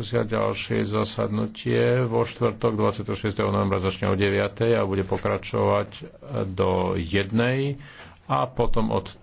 diskusia ďalšie zasadnutie vo štvrtok 26. novembra začne o 9. a bude pokračovať do 1. a potom od